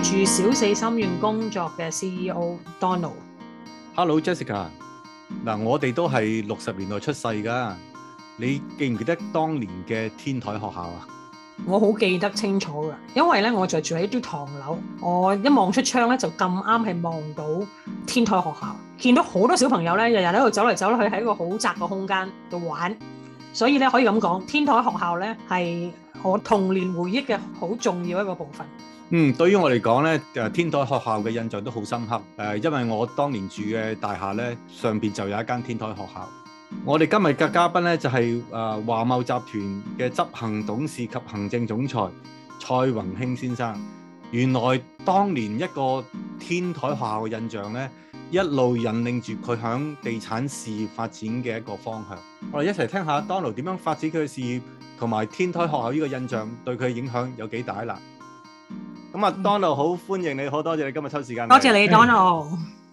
住使命心願工作嘅 CEO Donald，Hello Jessica，嗱、啊、我哋都係六十年代出世噶，你記唔記得當年嘅天台學校啊？我好記得清楚噶，因為咧我就住喺一啲唐樓，我一望出窗咧就咁啱係望到天台學校，見到好多小朋友咧日日喺度走嚟走去，喺一個好窄嘅空間度玩，所以咧可以咁講，天台學校咧係我童年回憶嘅好重要一個部分。嗯，對於我嚟講咧，誒天台學校嘅印象都好深刻。誒、呃，因為我當年住嘅大廈咧，上邊就有一間天台學校。我哋今日嘅嘉賓咧就係誒華懋集團嘅執行董事及行政總裁蔡宏興先生。原來當年一個天台學校嘅印象咧，一路引領住佢響地產事業發展嘅一個方向。我哋一齊聽一下當勞點樣發展佢嘅事業，同埋天台學校呢個印象對佢影響有幾大啦。咁啊，Donald 好歡迎你，好多謝你今日抽時間。Donald、多謝你，Donald，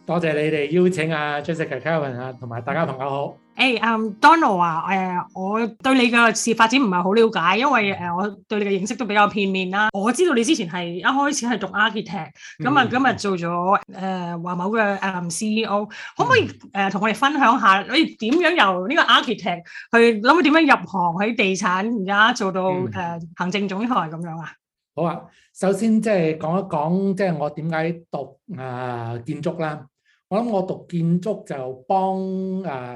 多謝你哋邀請啊，Jessica、Kevin 啊，同埋大家朋友好。誒，阿 Donald 啊，誒，我對你嘅事發展唔係好了解，因為誒，uh, 我對你嘅認識都比較片面啦。我知道你之前係一開始係讀 architect、mm、咁啊，hmm. 今日做咗誒華懋嘅、um, CEO，可唔可以誒同、uh, 我哋分享下，你點樣由呢個 architect 去諗下點樣入行喺地產而家做到誒、uh, 行政總裁咁樣啊？Mm hmm. 好啊。首先即係講一講，即係我點解讀啊建築啦。我諗我讀建築就幫誒、啊、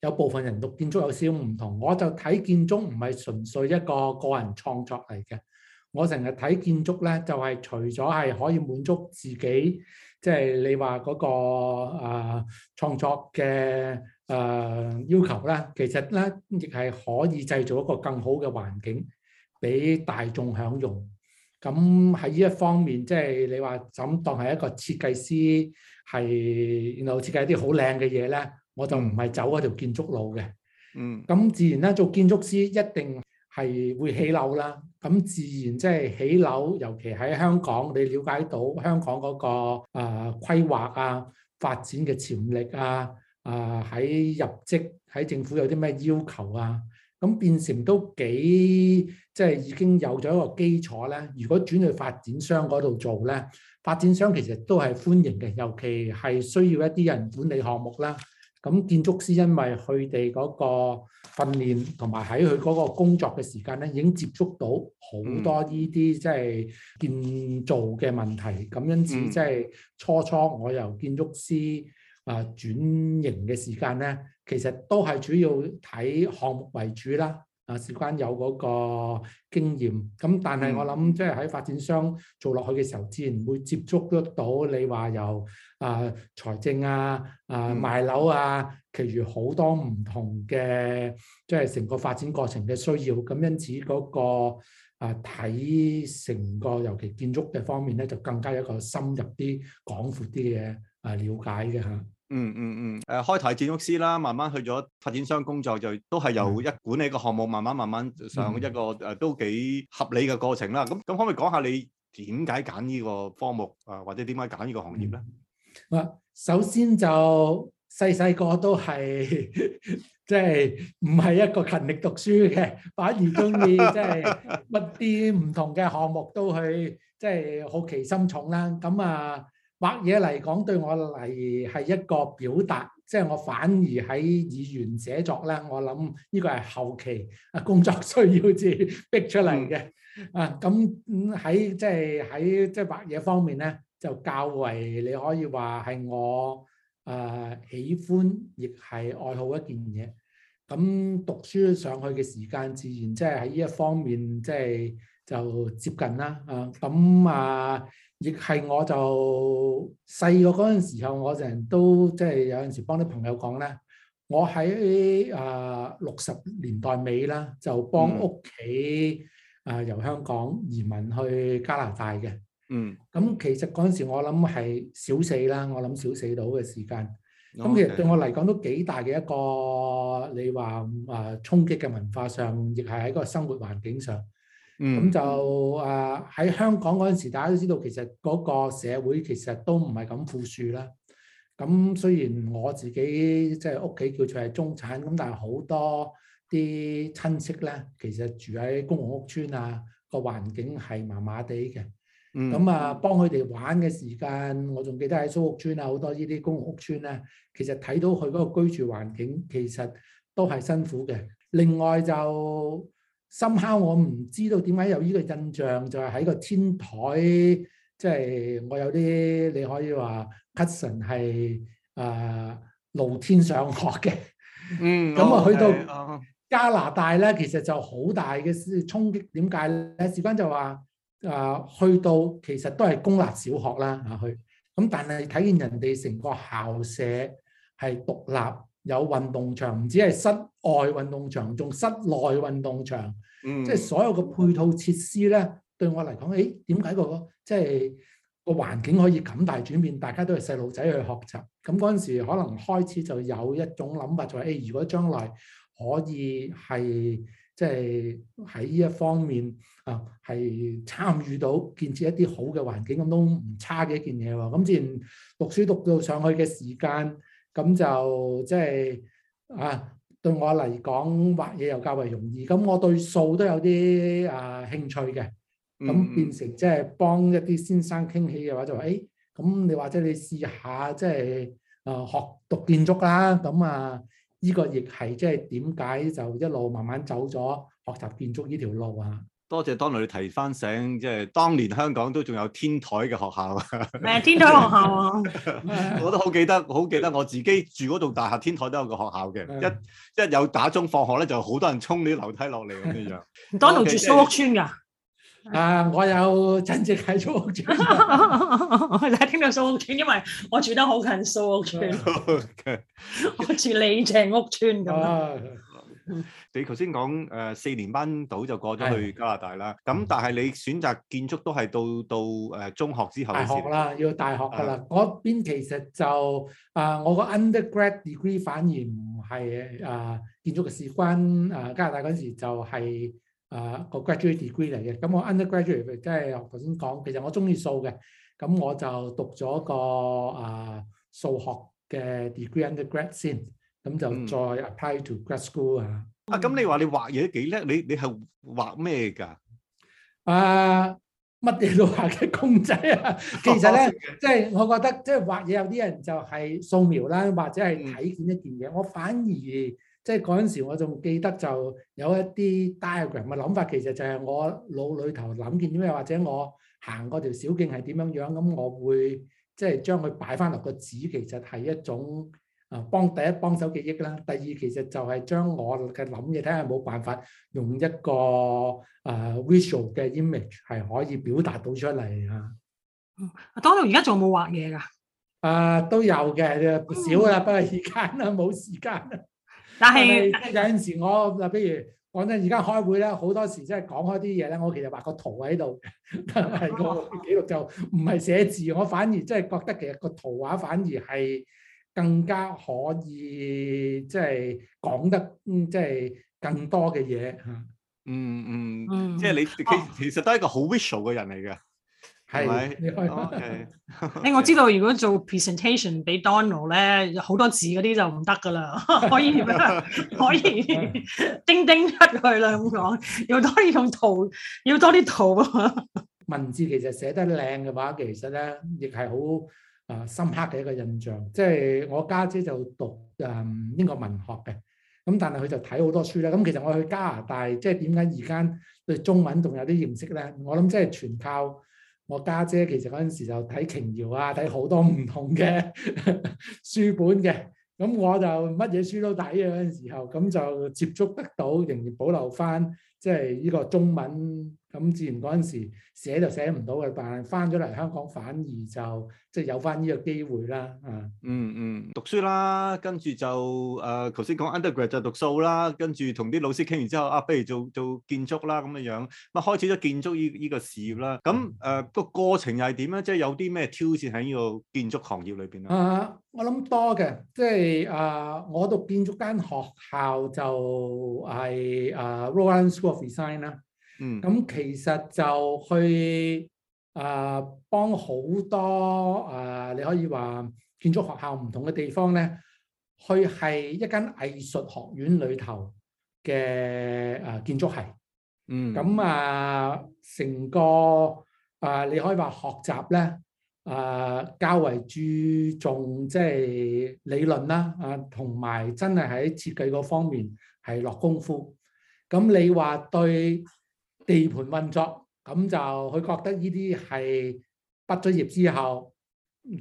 有部分人讀建築有少唔同。我就睇建築唔係純粹一個個人創作嚟嘅。我成日睇建築咧，就係、是、除咗係可以滿足自己，即、就、係、是、你話嗰、那個誒、啊、創作嘅誒、啊、要求啦。其實咧，亦係可以製造一個更好嘅環境俾大眾享用。咁喺呢一方面，即、就、係、是、你話咁當係一個設計師，係然後設計一啲好靚嘅嘢咧，我就唔係走嗰條建築路嘅。嗯、mm，咁、hmm. 自然咧，做建築師一定係會起樓啦。咁自然即係起樓，尤其喺香港，你了解到香港嗰、那個啊、呃、規劃啊發展嘅潛力啊，啊、呃、喺入職喺政府有啲咩要求啊，咁變成都幾～即係已經有咗一個基礎咧，如果轉去發展商嗰度做咧，發展商其實都係歡迎嘅，尤其係需要一啲人管理項目啦。咁建築師因為佢哋嗰個訓練同埋喺佢嗰個工作嘅時間咧，已經接觸到好多呢啲即係建造嘅問題。咁、嗯、因此即係初初我由建築師啊轉型嘅時間咧，其實都係主要睇項目為主啦。啊，事關有嗰個經驗，咁但係我諗即係喺發展商做落去嘅時候，自然會接觸得到你話由啊、呃、財政啊、啊、呃、賣樓啊，其餘好多唔同嘅即係成個發展過程嘅需要，咁因此嗰、嗰個啊睇成個尤其建築嘅方面咧，就更加一個深入啲、廣闊啲嘅啊了解嘅吓。嗯嗯嗯，誒，開台建築師啦，慢慢去咗發展商工作，就都係由一管理個項目，慢慢慢慢上一個誒，都幾合理嘅過程啦。咁咁可唔可以講下你點解揀呢個科目啊，或者點解揀呢個行業咧？啊，首先就細細個都係即係唔係一個勤力讀書嘅，反而中意即係乜啲唔同嘅項目都去，即係好奇心重啦。咁啊。畫嘢嚟講，對我嚟係一個表達，即係我反而喺語言寫作咧，我諗呢個係後期啊工作需要至逼出嚟嘅啊。咁喺即係喺即係畫嘢方面咧，就較為你可以話係我啊喜歡，亦係愛好一件嘢。咁讀書上去嘅時間，自然即係喺呢一方面，即係就接近啦啊。咁啊。亦係我就細個嗰陣時候，我成日都即係有陣時幫啲朋友講咧，我喺啊六十年代尾啦，就幫屋企啊由香港移民去加拿大嘅。嗯，咁其實嗰陣時我諗係小四啦，我諗小四到嘅時間，咁其實對我嚟講都幾大嘅一個你話啊衝擊嘅文化上，亦係喺個生活環境上。咁、嗯、就誒、啊、喺香港嗰陣時，大家都知道其實嗰個社會其實都唔係咁富庶啦。咁雖然我自己即係屋企叫做係中產，咁但係好多啲親戚咧，其實住喺公共屋邨啊，個環境係麻麻地嘅。咁啊，幫佢哋玩嘅時間，我仲記得喺蘇屋邨啊，好多呢啲公共屋邨咧，其實睇到佢嗰個居住環境，其實都係辛苦嘅。另外就，深刻，我唔知道點解有呢個印象，就係喺個天台，即係我有啲你可以話 cushion 係露天上學嘅。嗯，咁啊、嗯、去到加拿大咧，嗯、其實就好大嘅衝擊。點解咧？事關就話誒、呃、去到其實都係公立小學啦，啊去。咁但係睇見人哋成個校舍係獨立。有運動場，唔止係室外運動場，仲室內運動場。嗯，即係所有嘅配套設施咧，對我嚟講，誒點解個即係、就是、個環境可以咁大轉變？大家都係細路仔去學習，咁嗰陣時可能開始就有一種諗法、就是，就係誒，如果將來可以係即係喺呢一方面啊，係參與到建設一啲好嘅環境，咁都唔差嘅一件嘢喎。咁之前讀書讀到上去嘅時間。咁就即係、就是、啊，對我嚟講畫嘢又較為容易。咁我對數都有啲啊興趣嘅。咁變成即係幫一啲先生傾起嘅話，就話誒，咁、哎、你或者你試下即係、就是、啊學讀建築啦。咁啊，呢、這個亦係即係點解就一路慢慢走咗學習建築呢條路啊。多謝 Donald 你提翻醒，即係當年香港都仲有天台嘅學，學校啊！咩天台學校啊？我都好記得，好記得我自己住嗰棟大廈天台都有個學校嘅。的一一有打鐘放學咧，就好多人衝你樓梯落嚟咁嘅樣。Donald 住蘇屋村噶？ 啊，我有親戚喺蘇屋村， 我喺聽到蘇屋村，因為我住得好近蘇屋村， 我住李鄭屋村咁。 啊啊啊啊啊啊你頭先講誒四年班度就過咗去加拿大啦，咁但係你選擇建築都係到到誒中學之後大學啦，要大學噶啦。嗰邊其實就啊，我個 undergrad degree 反而唔係誒建築嘅，事關誒加拿大嗰時就係誒個 graduate degree 嚟嘅。咁我 undergraduate 即係頭先講，其實我中意數嘅，咁我就讀咗個誒數學嘅 degree undergrad 先。咁、嗯、就再 apply to grad school、嗯、啊！啊，咁你話你畫嘢幾叻？你你係畫咩㗎？啊，乜嘢都畫嘅公仔啊！ 其實咧，即係 我覺得，即、就、係、是、畫嘢有啲人就係素描啦，或者係睇見一件嘢。嗯、我反而即係嗰陣時，我仲記得就有一啲 diagram 嘅諗法。其實就係我腦裏頭諗見啲咩，或者我行嗰條小徑係點樣樣。咁我會即係、就是、將佢擺翻落個紙，其實係一種。啊，幫第一幫手記憶啦。第二其實就係將我嘅諗嘢，睇下冇辦法用一個啊、uh, visual 嘅 image 係可以表達到出嚟啊。Donald 而家仲冇畫嘢噶？啊，都有嘅少啦，嗯、不過而家冇時間。但係有陣時我嗱，譬如講真，而家開會咧，好多時即係講開啲嘢咧，我其實畫個圖喺度，但係個記錄就唔係寫字，我反而真係覺得其實個圖畫反而係。更加可以即係、就是、講得即係、嗯就是、更多嘅嘢嗯嗯，即係你其實、啊、其實都係一個好 visual 嘅人嚟嘅，係是你可以講。誒，Okay. 我知道如果做 presentation 俾 Donald 咧，好多字嗰啲就唔得噶啦，可以， 可以叮叮出去啦，咁講，要多啲用圖，要多啲圖 文字其實寫得靚嘅話，其實咧亦係好。啊，深刻嘅一個印象，即係我家姐，姐就讀誒英國文學嘅，咁、嗯、但係佢就睇好多書咧。咁、嗯、其實我去加拿大，即係點解而家對中文仲有啲認識咧？我諗即係全靠我家姐，姐，其實嗰陣時就睇瓊瑤啊，睇好多唔同嘅 書本嘅，咁、嗯、我就乜嘢書都睇啊嗰陣時候，咁、嗯、就接觸得到，仍然保留翻即係呢個中文。咁自然嗰陣時寫就寫唔到嘅，但係翻咗嚟香港反而就即係有翻呢個機會啦。啊、嗯，嗯嗯，讀書啦，跟住就誒頭先講 undergrad 就讀數啦，跟住同啲老師傾完之後啊，不如做做建築啦咁樣樣，咪開始咗建築呢依個事業啦。咁誒個過程又係點咧？即係有啲咩挑戰喺呢個建築行業裏邊咧？啊、呃，我諗多嘅，即係誒、呃、我讀建築間學校就，就、呃、係誒 Roland School of Design 啦。嗯，咁其實就去啊幫好多啊，你可以話建築學校唔同嘅地方咧，去係一間藝術學院裏頭嘅啊建築系。嗯。咁啊，成個啊你可以話學習咧啊較為注重即係理論啦啊，同埋真係喺設計嗰方面係落功夫。咁你話對地盤運作，咁就佢覺得呢啲係畢咗業之後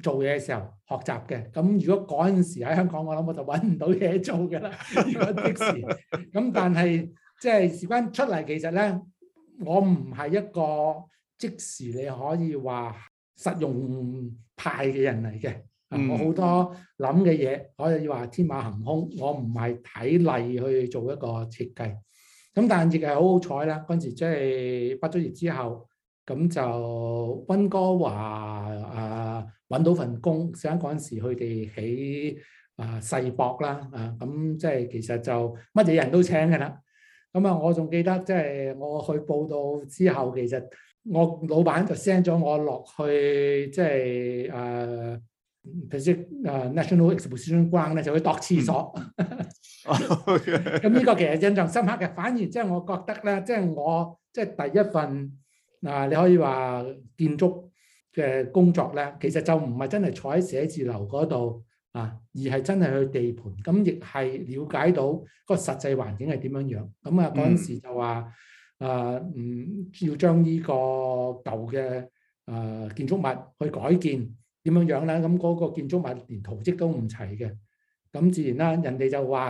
做嘢嘅時候學習嘅。咁如果嗰陣時喺香港，我諗我就揾唔到嘢做㗎啦，如果即時。咁但係即係事關出嚟，其實咧，我唔係一個即時你可以話實用派嘅人嚟嘅。嗯、我好多諗嘅嘢，可以話天馬行空。我唔係睇例去做一個設計。咁但係亦係好好彩啦！嗰陣時即係畢咗業之後，咁就溫哥華啊揾到份工，想嗰陣時佢哋起啊世博啦啊，咁即係其實就乜嘢人都請㗎啦。咁啊，我仲記得即係我去報到之後，其實我老闆就 send 咗我落去，即係，啊。睇 National Exposition 關咧就去度廁所。咁 呢、oh, okay. 個其實印象深刻嘅，反而即係我覺得咧，即、就、係、是、我即係、就是、第一份嗱、啊，你可以話建築嘅工作咧，其實就唔係真係坐喺寫字樓嗰度啊，而係真係去地盤，咁亦係了解到個實際環境係點樣樣。咁啊嗰陣時就話啊，唔、嗯啊嗯、要將呢個舊嘅啊建築物去改建。點樣樣咧？咁嗰個建築物連圖則都唔齊嘅，咁自然啦、啊。人哋就話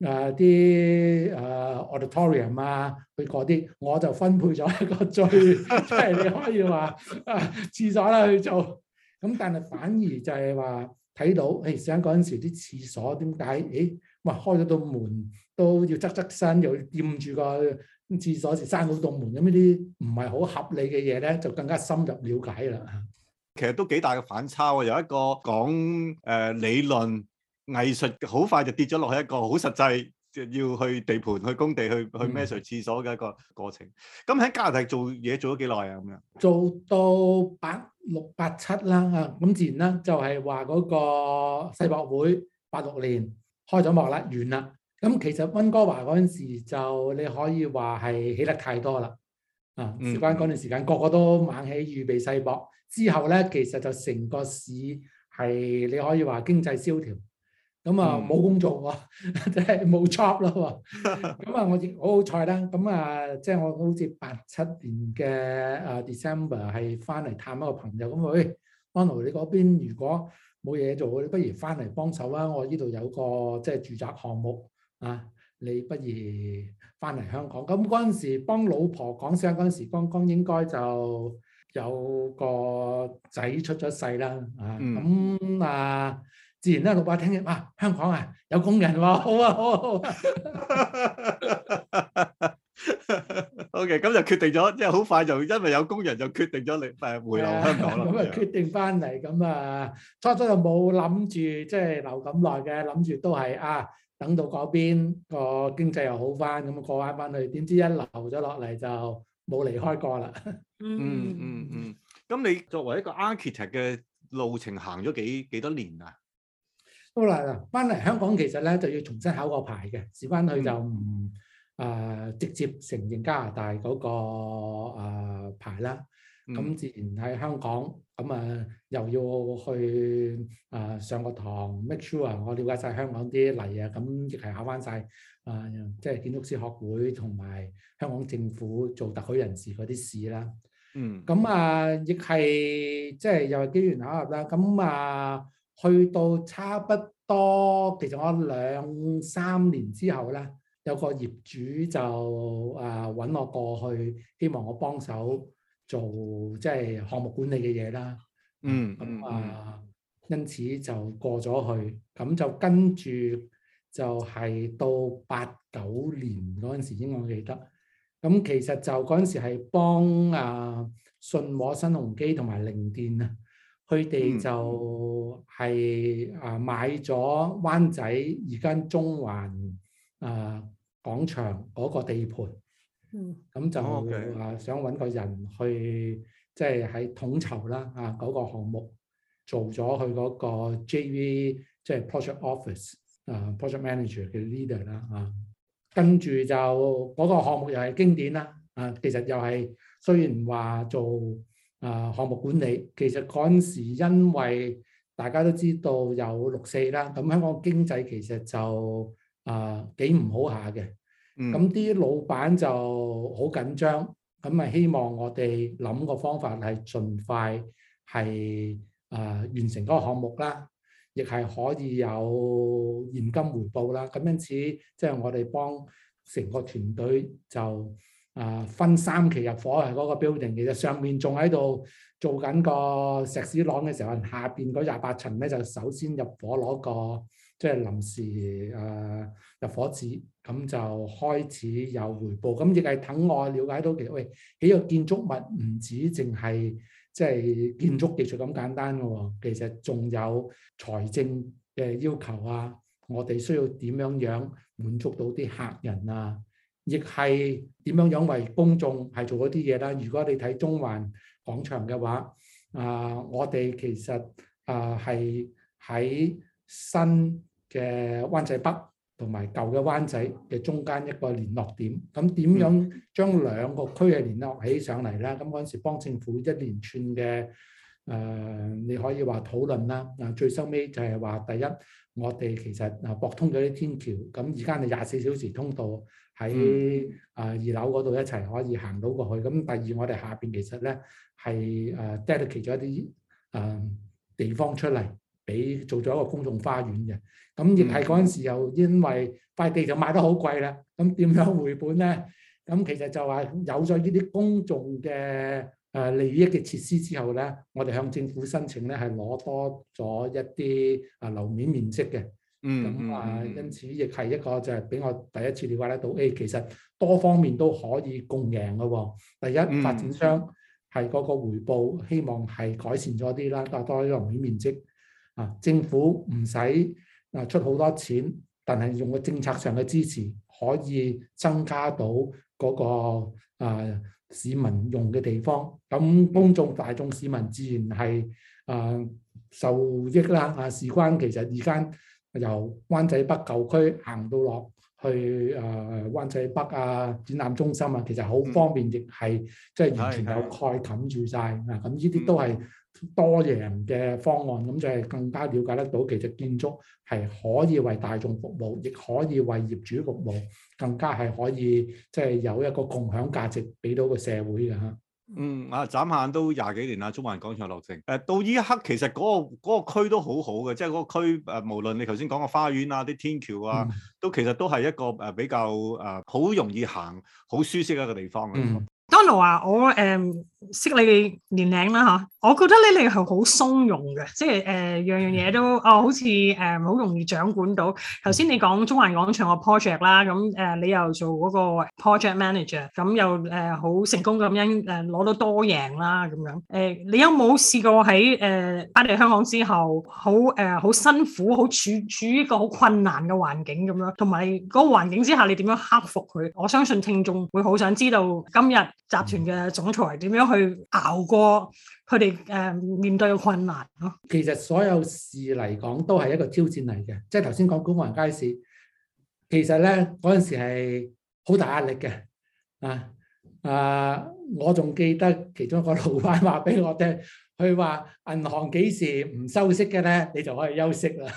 啊啲、呃、啊、呃、auditorium 啊，去嗰啲，我就分配咗一個最即係 你可以話啊、呃、廁所啦去做。咁但係反而就係話睇到，誒想嗰陣時啲廁所點解？誒、欸，哇開咗道門都要側側身，又要掂住個廁所時閂嗰道門咁呢啲唔係好合理嘅嘢咧，就更加深入了解啦。其實都幾大嘅反差啊！有一個講誒理論藝術，好快就跌咗落去一個好實際，要要去地盤、去工地、去去孭水廁所嘅一個過程。咁喺加拿大做嘢做咗幾耐啊？咁樣做到八六八七啦啊！咁自然啦，就係話嗰個世博會八六年開咗幕啦，完啦。咁其實溫哥華嗰陣時就你可以話係起得太多啦。啊！事關嗰段時間，嗯、個個都猛起預備世博，之後咧，其實就成個市係你可以話經濟蕭條，咁啊冇工作喎，即係冇 job 咯喎。咁啊，啊 我亦好好彩啦。咁啊，即係我好似八七年嘅啊、uh, December 係翻嚟探一個朋友咁，佢，Donald，你嗰邊如果冇嘢做，你不如翻嚟幫手啊！我呢度有個即係住宅項目啊，你不如。翻嚟香港，咁嗰陣時幫老婆講聲嗰陣時，剛剛應該就有個仔出咗世啦，啊、嗯，咁啊，自然咧老伯聽嘅，哇、啊，香港啊有工人喎，好啊，好，o k 咁就決定咗，即係好快就因為有工人就決定咗你誒回流香港啦。咁啊就決定翻嚟，咁啊初初就冇諗住即係留咁耐嘅，諗住都係啊。等到嗰邊個經濟又好翻，咁、嗯、過翻翻去，點知一留咗落嚟就冇離開過啦、 嗯。嗯嗯嗯咁你作為一個 architect 嘅路程行咗幾幾多年啊？好嚟啦，翻嚟香港其實咧就要重新考個牌嘅，事關佢就唔誒、嗯呃、直接承認加拿大嗰、嗰個、呃、牌啦。咁自然喺香港，咁啊又要去啊、呃、上個堂，make sure 啊我了解晒香港啲例啊，咁亦係考翻晒，啊、呃、即係建築師學會同埋香港政府做特許人士嗰啲事啦。嗯，咁啊亦係即係又係機緣巧合啦。咁啊去到差不多，其實我兩三年之後咧，有個業主就啊揾我過去，希望我幫手。做即係項目管理嘅嘢啦，嗯，咁、嗯、啊，因此就過咗去，咁、嗯、就跟住就係到八九年嗰陣時，應該我記得，咁其實就嗰陣時係幫啊信和、新和、新鴻基同埋菱電啊，佢哋就係、是嗯、啊買咗灣仔而家中環啊廣場嗰個地盤。嗯，咁就啊想搵個人去，即係喺統籌啦啊嗰個項目，做咗佢嗰個 JV，即係 project office 啊、uh, project manager 嘅 leader 啦啊，跟住就嗰、嗰個項目又係經典啦啊，其實又係雖然話做啊項目管理，其實嗰陣時因為大家都知道有六四啦，咁香港經濟其實就啊幾唔好下嘅。咁啲、嗯、老闆就好緊張，咁咪希望我哋諗個方法係盡快係啊、呃、完成嗰個項目啦，亦係可以有現金回報啦。咁因此即係、就是、我哋幫成個團隊就啊、呃、分三期入伙，係嗰個 building，其實上面仲喺度做緊個石屎廊嘅時候，下邊嗰廿八層咧就首先入伙攞個，即係臨時誒入伙紙，咁就開始有回報。咁亦係等我了解到其實，喂，起個建築物唔止淨係即係建築技術咁簡單嘅喎，其實仲有財政嘅要求啊！我哋需要點樣樣滿足到啲客人啊？亦係點樣樣為公眾係做嗰啲嘢啦？如果你睇中環廣場嘅話，啊，我哋其實啊係喺新。嘅灣仔北同埋舊嘅灣仔嘅中間一個聯絡點，咁點樣將兩個區嘅聯絡起上嚟咧？咁嗰陣時幫政府一連串嘅誒、呃，你可以話討論啦。啊，最收尾就係話第一，我哋其實啊駁通咗啲天橋，咁而家你廿四小時通道喺啊二樓嗰度一齊可以行到過去。咁、嗯、第二，我哋下邊其實咧係誒 dedicate 咗一啲誒、呃、地方出嚟。俾做咗一個公眾花園嘅，咁亦係嗰陣時又因為塊地就賣得好貴啦，咁點樣回本咧？咁其實就話有咗呢啲公眾嘅誒利益嘅設施之後咧，我哋向政府申請咧係攞多咗一啲啊樓面面積嘅，咁啊因此亦係一個就係俾我第一次瞭解到，誒其實多方面都可以共贏嘅喎。第一發展商係嗰個回報希望係改善咗啲啦，攞多啲樓面面積。啊！政府唔使啊出好多錢，但係用個政策上嘅支持，可以增加到嗰、嗰個、啊、市民用嘅地方。咁、啊、公眾大眾市民自然係啊受益啦。啊，事關其實而家由灣仔北舊區行到落去啊灣仔北啊展覽中心啊，其實好方便，亦係、嗯、即係完全有蓋冚住晒。的啊！咁呢啲都係多贏嘅方案，咁就係更加瞭解得到其實建築係可以為大眾服務，亦可以為業主服務，更加係可以即係、就是、有一個共享價值俾到個社會嘅嚇。嗯，那個那個、啊，斬限都廿幾年啦，中環廣場落成。誒，到依一刻其實嗰個嗰個區都好好嘅，即係嗰個區誒，無論你頭先講嘅花園啊、啲天橋啊，都其實都係一個誒比較誒好、呃、容易行、好舒適一個地方。Donald 啊，嗯、Donald，我誒。嗯識你哋年齡啦吓，我覺得你哋係好從容嘅，即係誒、呃、樣樣嘢都哦，好似誒好容易掌管到。頭先你講中環廣場個 project 啦，咁、呃、誒你又做嗰個 project manager，咁又誒好、呃、成功咁樣誒攞、呃、到多贏啦咁樣。誒、呃，你有冇試過喺誒返嚟香港之後，好誒好辛苦，好處處於一個好困難嘅環境咁樣，同埋嗰個環境之下你點樣克服佢？我相信聽眾會好想知道今日集團嘅總裁係點樣。去熬過佢哋誒面對嘅困難咯。其實所有事嚟講都係一個挑戰嚟嘅，即係頭先講股房街市。其實咧嗰陣時係好大壓力嘅。啊啊！我仲記得其中一個老闆話俾我聽，佢話銀行幾時唔收息嘅咧，你就可以休息啦。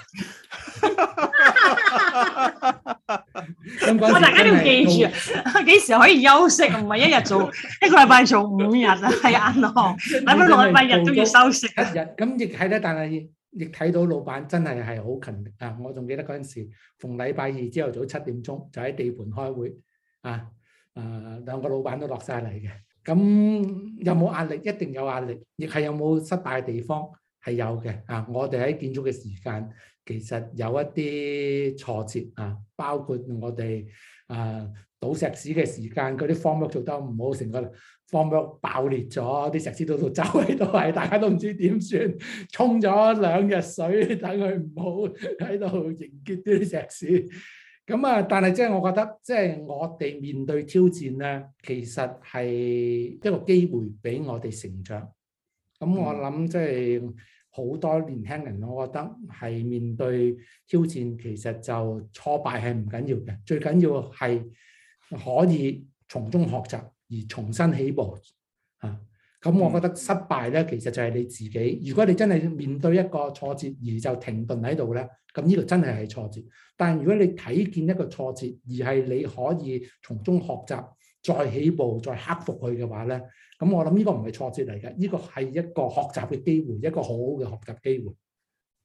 咁大家都要記住，幾時可以休息？唔係一日做，一個禮拜做五日啊，係銀行，禮拜六禮拜日都要休息。一日咁亦係咧，但係亦睇到老闆真係係好勤力啊！我仲記得嗰陣時，逢禮拜二朝頭早七點鐘就喺地盤開會啊，誒，兩個老闆都落晒嚟嘅。咁有冇壓力？一定有壓力。亦係有冇失敗嘅地方？係有嘅啊！我哋喺建築嘅時間。其實有一啲挫折啊，包括我哋啊倒石屎嘅時間，嗰啲 formwork 做得唔好，成個 formwork 爆裂咗，啲石屎到都度走喺度，係大家都唔知點算，沖咗兩日水，等佢唔好喺度凝結啲石屎。咁啊，但係即係我覺得，即係我哋面對挑戰咧，其實係一個機會俾我哋成長。咁我諗即係。嗯好多年輕人，我覺得係面對挑戰，其實就挫敗係唔緊要嘅，最緊要係可以從中學習而重新起步嚇。啊，咁我覺得失敗咧，其實就係你自己。如果你真係面對一個挫折而就停頓喺度咧，咁呢個真係係挫折。但係如果你睇見一個挫折而係你可以從中學習。再起步再克服佢嘅話咧，咁、嗯、我諗呢個唔係挫折嚟嘅，呢、這個係一個學習嘅機會，一個好好嘅學習機會。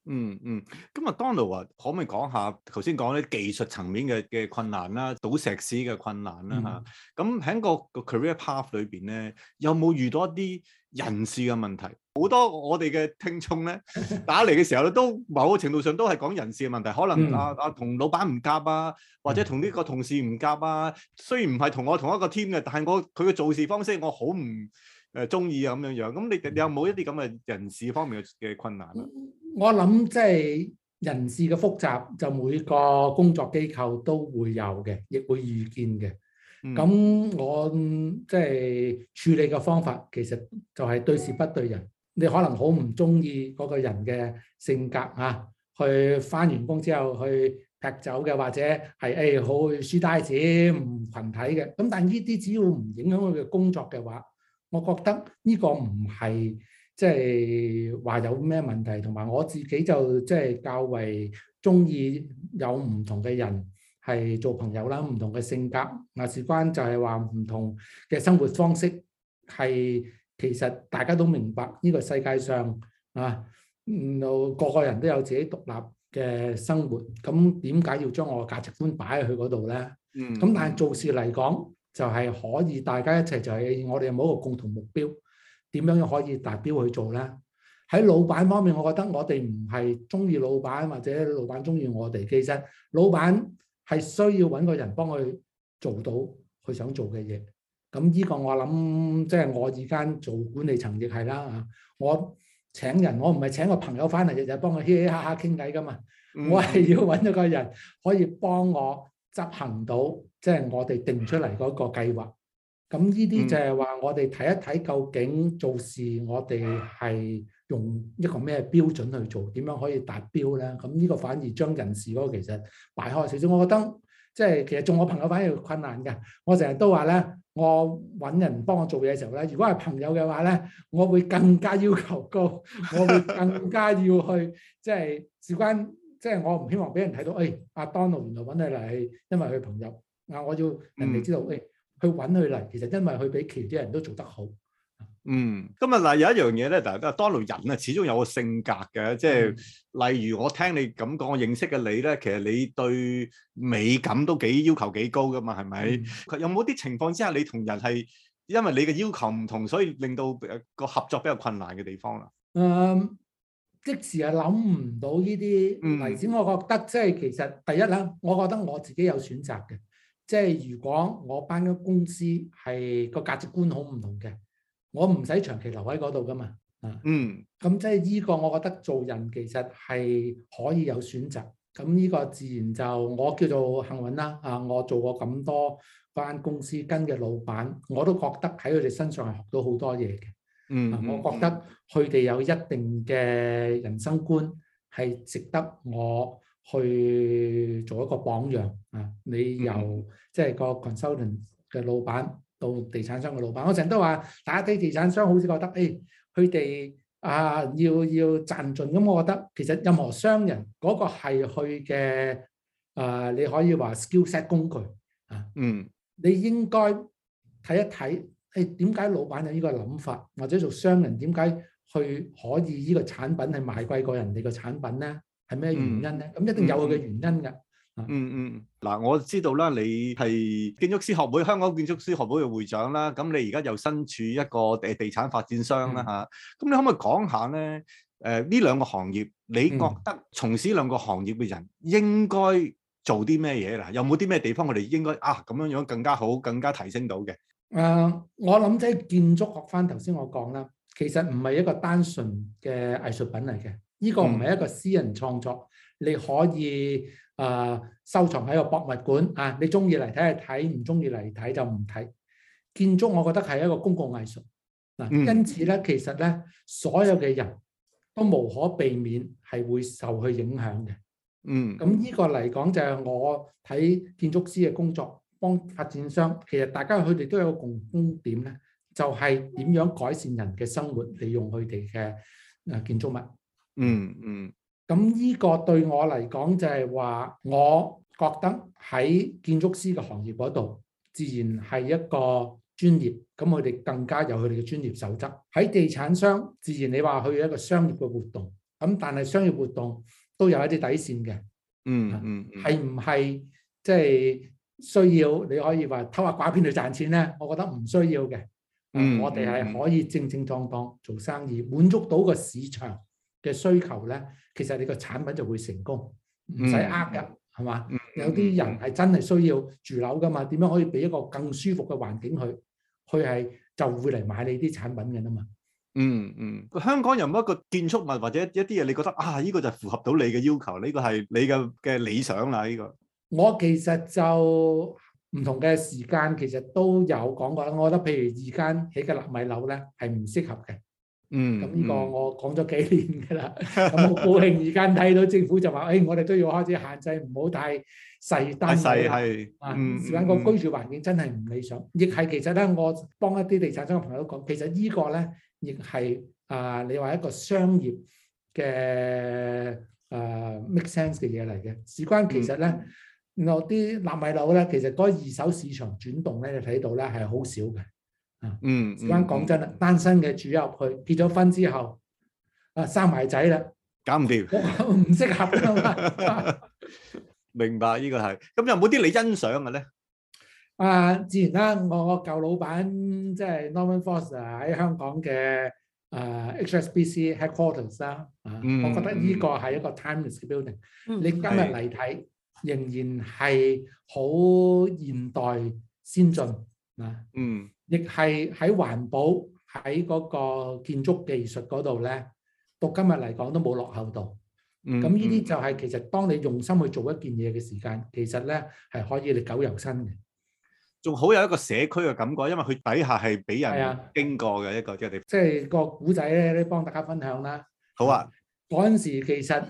嗯嗯，咁 Donald 啊，Donald, 可唔可以講下頭先講啲技術層面嘅嘅困難啦，倒石屎嘅困難啦嚇。咁喺、嗯、個個 career path 裏邊咧，有冇遇到一啲人事嘅問題？好多我哋嘅聽眾咧打嚟嘅時候咧，都某個程度上都係講人事嘅問題，可能啊啊同、嗯、老闆唔夾啊，或者同呢個同事唔夾啊。雖然唔係同我同一個 team 嘅，但係我佢嘅做事方式我好唔誒中意啊，咁樣樣。咁你哋有冇一啲咁嘅人事方面嘅困難咧？我諗即係人事嘅複雜，就每個工作機構都會有嘅，亦會預見嘅。咁、嗯、我即係、就是、處理嘅方法，其實就係對事不對人。你可能好唔中意嗰個人嘅性格啊，去返完工之後去劈酒嘅，或者係誒、哎、好書呆子嘅群體嘅。咁但係呢啲只要唔影響佢嘅工作嘅話，我覺得呢個唔係即係話有咩問題。同埋我自己就即係較為中意有唔同嘅人係做朋友啦，唔同嘅性格。嗱，事關就係話唔同嘅生活方式係。其實大家都明白呢個世界上啊，然後個個人都有自己獨立嘅生活。咁點解要將我嘅價值觀擺喺佢嗰度呢？咁但係做事嚟講，就係可以大家一齊，就係我哋有冇一個共同目標？點樣可以達標去做呢？喺老闆方面，我覺得我哋唔係中意老闆，或者老闆中意我哋。其實老闆係需要揾個人幫佢做到佢想做嘅嘢。咁呢個我諗，即係我而家做管理層亦係啦嚇。我請人，我唔係請個朋友翻嚟，日日幫佢嘻嘻哈哈傾偈噶嘛。嗯、我係要揾咗個人可以幫我執行到，即係我哋定出嚟嗰個計劃。咁呢啲就係話我哋睇一睇究竟做事，我哋係用一個咩標準去做，點樣可以達標咧？咁呢個反而將人事嗰個其實擺開少少，我覺得。即係其實做我朋友反而困難嘅，我成日都話咧，我揾人幫我做嘢時候咧，如果係朋友嘅話咧，我會更加要求高，我會更加要去即係、 就是，事關即係、就是、我唔希望俾人睇到，誒、哎、阿 Donald 原來揾你嚟，因為佢朋友，啊我要人哋知道，誒、嗯哎、去揾佢嚟，其實因為佢比其他啲人都做得好。嗯，今日嗱有一樣嘢咧，就係 Donald 人啊，始終有個性格嘅，即係、嗯、例如我聽你咁講，我認識嘅你咧，其實你對美感都幾要求幾高噶嘛，係咪？嗯、有冇啲情況之下，你同人係因為你嘅要求唔同，所以令到個合作比較困難嘅地方啦？誒、嗯，即時係諗唔到呢啲例子。我覺得即係其實第一啦，我覺得我自己有選擇嘅，即係如果我班嘅公司係個價值觀好唔同嘅。我唔使長期留喺嗰度噶嘛，嗯、啊，嗯，咁即係呢個，我覺得做人其實係可以有選擇。咁呢個自然就我叫做幸運啦，啊，我做過咁多間公司跟嘅老闆，我都覺得喺佢哋身上係學到好多嘢嘅、嗯。嗯、啊，我覺得佢哋有一定嘅人生觀係值得我去做一個榜樣。啊，你由、嗯、即係個 consultant 嘅老闆。做地產商嘅老闆，我成日都話打低地產商好似覺得，誒佢哋啊要要賺盡咁，我覺得其實任何商人嗰個係佢嘅誒，你可以話 skillset 工具啊，嗯，你應該睇一睇誒點解老闆有呢個諗法，或者做商人點解去可以呢個產品係賣貴過人哋嘅產品咧，係咩原因咧？咁、嗯嗯、一定有佢嘅原因嘅。嗯嗯，嗱、嗯、我知道啦，你係建築師學會香港建築師學會嘅會長啦，咁你而家又身處一個地地產發展商啦吓，咁、嗯啊、你可唔可以講下咧？誒、呃，呢兩個行業，你覺得從事兩個行業嘅人應該做啲咩嘢咧？嗯、有冇啲咩地方我哋應該啊咁樣樣更加好，更加提升到嘅？誒、呃，我諗即係建築學，翻頭先我講啦，其實唔係一個單純嘅藝術品嚟嘅，呢、呢個唔係一個私人創作，嗯、你可以。誒，收藏喺個博物館啊！你中意嚟睇就睇，唔中意嚟睇就唔睇。建築我覺得係一個公共藝術，嗱，因此咧，其實咧，所有嘅人都無可避免係會受佢影響嘅。嗯。咁呢個嚟講就係我睇建築師嘅工作，幫發展商。其實大家佢哋都有個共通點咧，就係點樣改善人嘅生活，利用佢哋嘅誒建築物。嗯嗯。咁呢個對我嚟講就係話，我覺得喺建築師嘅行業嗰度，自然係一個專業。咁佢哋更加有佢哋嘅專業守則。喺地產商，自然你話佢一個商業嘅活動。咁但係商業活動都有一啲底線嘅。嗯。嗯嗯嗯，係唔係即係需要？你可以話偷呃拐騙去賺錢呢？我覺得唔需要嘅。嗯，我哋係可以正正當當做生意，滿足到個市場。嘅需求咧，其實你個產品就會成功，唔使呃人，係嘛？有啲人係真係需要住樓噶嘛，點樣可以俾一個更舒服嘅環境佢？佢係就會嚟買你啲產品嘅啦嘛。嗯嗯、mm，hmm. 香港有冇一個建築物或者一啲嘢，你覺得啊？呢、這個就符合到你嘅要求，呢、這個係你嘅嘅理想啦、啊。呢、這個我其實就唔同嘅時間，其實都有講過啦。我覺得譬如而家起嘅納米樓咧，係唔適合嘅。嗯，咁、嗯、呢個我講咗幾年㗎啦，咁好高興而家睇到政府就話，誒、 哎、我哋都要開始限制，唔好太細單細係， 啊事關個居住環境真係唔理想，亦係其實咧，我幫一啲地產商嘅朋友都講，其實個呢個咧亦係啊你話一個商業嘅啊、呃、make sense 嘅嘢嚟嘅，事關其實咧，我啲納米樓咧，其實嗰二手市場轉動咧，你睇到咧係好少嘅。嗯，嗯，講真啦，單身嘅住入去，結咗婚之後，啊生埋仔啦，搞唔掂，唔適合。 明白呢、這個係，咁有冇啲你欣賞嘅咧？啊，自然啦，我個舊老闆即係、就是、Norman Foster 喺香港嘅、呃、HS 啊 HSBC headquarters 啦，嗯、我覺得呢個係一個 timeless 嘅 building。嗯、你今日嚟睇，的仍然係好現代先進啊。嗯。亦係喺環保喺嗰個建築技術嗰度咧，到今日嚟講都冇落後到。嗯。咁呢啲就係其實當你用心去做一件嘢嘅時間，其實咧係可以歷久猶新嘅。仲好有一個社區嘅感覺，因為佢底下係俾人經過嘅一個地方。即係個古仔咧，幫大家分享啦。好啊！嗰陣時其實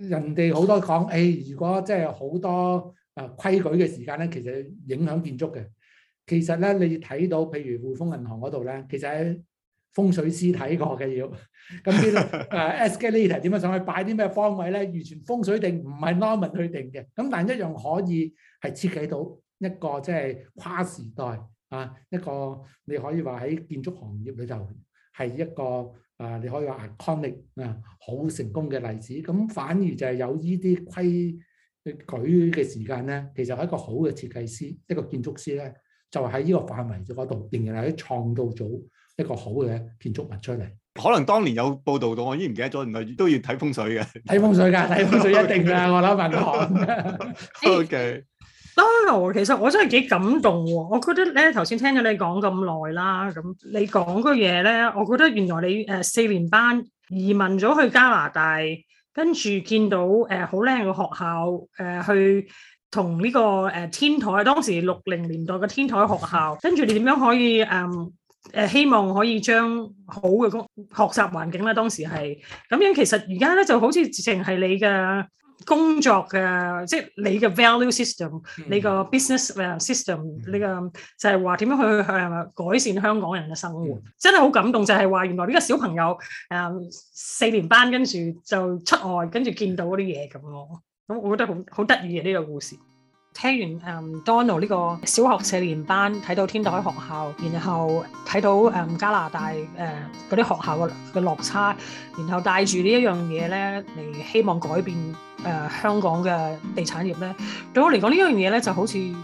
人哋好多講，唉，如果即係好多啊規矩嘅時間咧，其實影響建築嘅。其實咧，你睇到，譬如匯豐銀行嗰度咧，其實喺風水師睇過嘅要，咁啲誒 escalator 點樣上去擺啲咩方位咧？完全風水定唔係 Norman 去定嘅，咁但係一樣可以係設計到一個即係跨時代啊，一個你可以話喺建築行業裏頭係一個啊，你可以話 iconic 啊，好成功嘅例子。咁反而就係有呢啲規矩嘅時間咧，其實係一個好嘅設計師，一個建築師咧。就喺呢個範圍嗰度，仍然係喺創造咗一個好嘅建築物出嚟。可能當年有報導到，我已經唔記得咗，原來亦都要睇風水嘅，睇 風水㗎，睇風水一定㗎。 我諗問堂。 OK。Donald，其實我真係幾感動喎。我覺得咧，頭先聽咗你講咁耐啦，咁你講個嘢咧，我覺得原來你誒四、呃、年班移民咗去加拿大，跟住見到誒好靚嘅學校，誒、呃、去。同呢個誒天台，當時六零年代嘅天台學校，跟住你點樣可以誒？誒、嗯、希望可以將好嘅工學習環境啦，當時係咁樣。其實而家咧就好似直情係你嘅工作嘅，即係你嘅 value system，、嗯、你個 business system，、嗯、你個就係話點樣去誒改善香港人嘅生活。嗯、真係好感動，就係、是、話原來呢個小朋友誒四、嗯、年班，跟住就出外，跟住見到啲嘢咁咯。咁我覺得好好得意嘅呢個故事，聽完誒、um, Donald 呢個小學四年班睇到天台學校，然後睇到誒、um, 加拿大誒嗰啲學校嘅嘅落差，然後帶住呢一樣嘢咧嚟希望改變誒、uh, 香港嘅地產業咧，對我嚟講呢樣嘢咧就好似一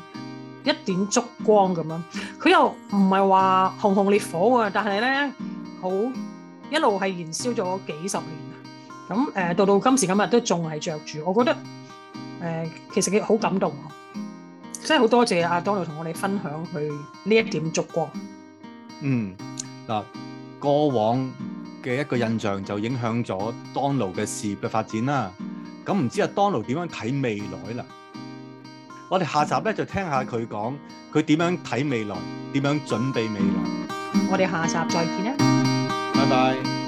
點燭光咁樣，佢又唔係話紅紅烈火嘅，但係咧好一路係燃燒咗幾十年。咁誒到到今時今日都仲係着住，我覺得誒、呃、其實佢好感動，真係好多謝阿當勞同我哋分享佢呢一點燭光。嗯，嗱，過往嘅一個印象就影響咗當勞嘅事業嘅發展啦。咁唔知阿當勞點樣睇未來啦？我哋下集咧就聽下佢講佢點樣睇未來，點樣準備未來。我哋下集再見啦！拜拜。